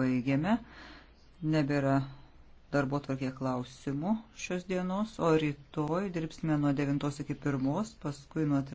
Baigiame. Nebėra darbo tvarkė klausimų šios dienos, o rytoj dirbsime nuo 9 iki 1, paskui nuo 3.